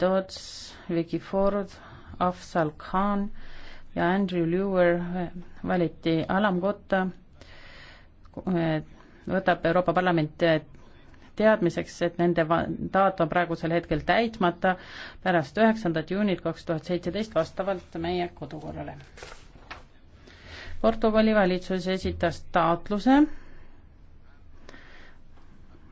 Dodds, Vicky Ford, Afsal Khan ja Andrew Lewer valiti alamkotta. võtab Euroopa Parlament teadmiseks, et nende mandaat on praegusel hetkel täitmata pärast üheksandat juunit kaks tuhat seitseteist vastavalt meie kodukorrale. Portugali valitsus esitas taotluse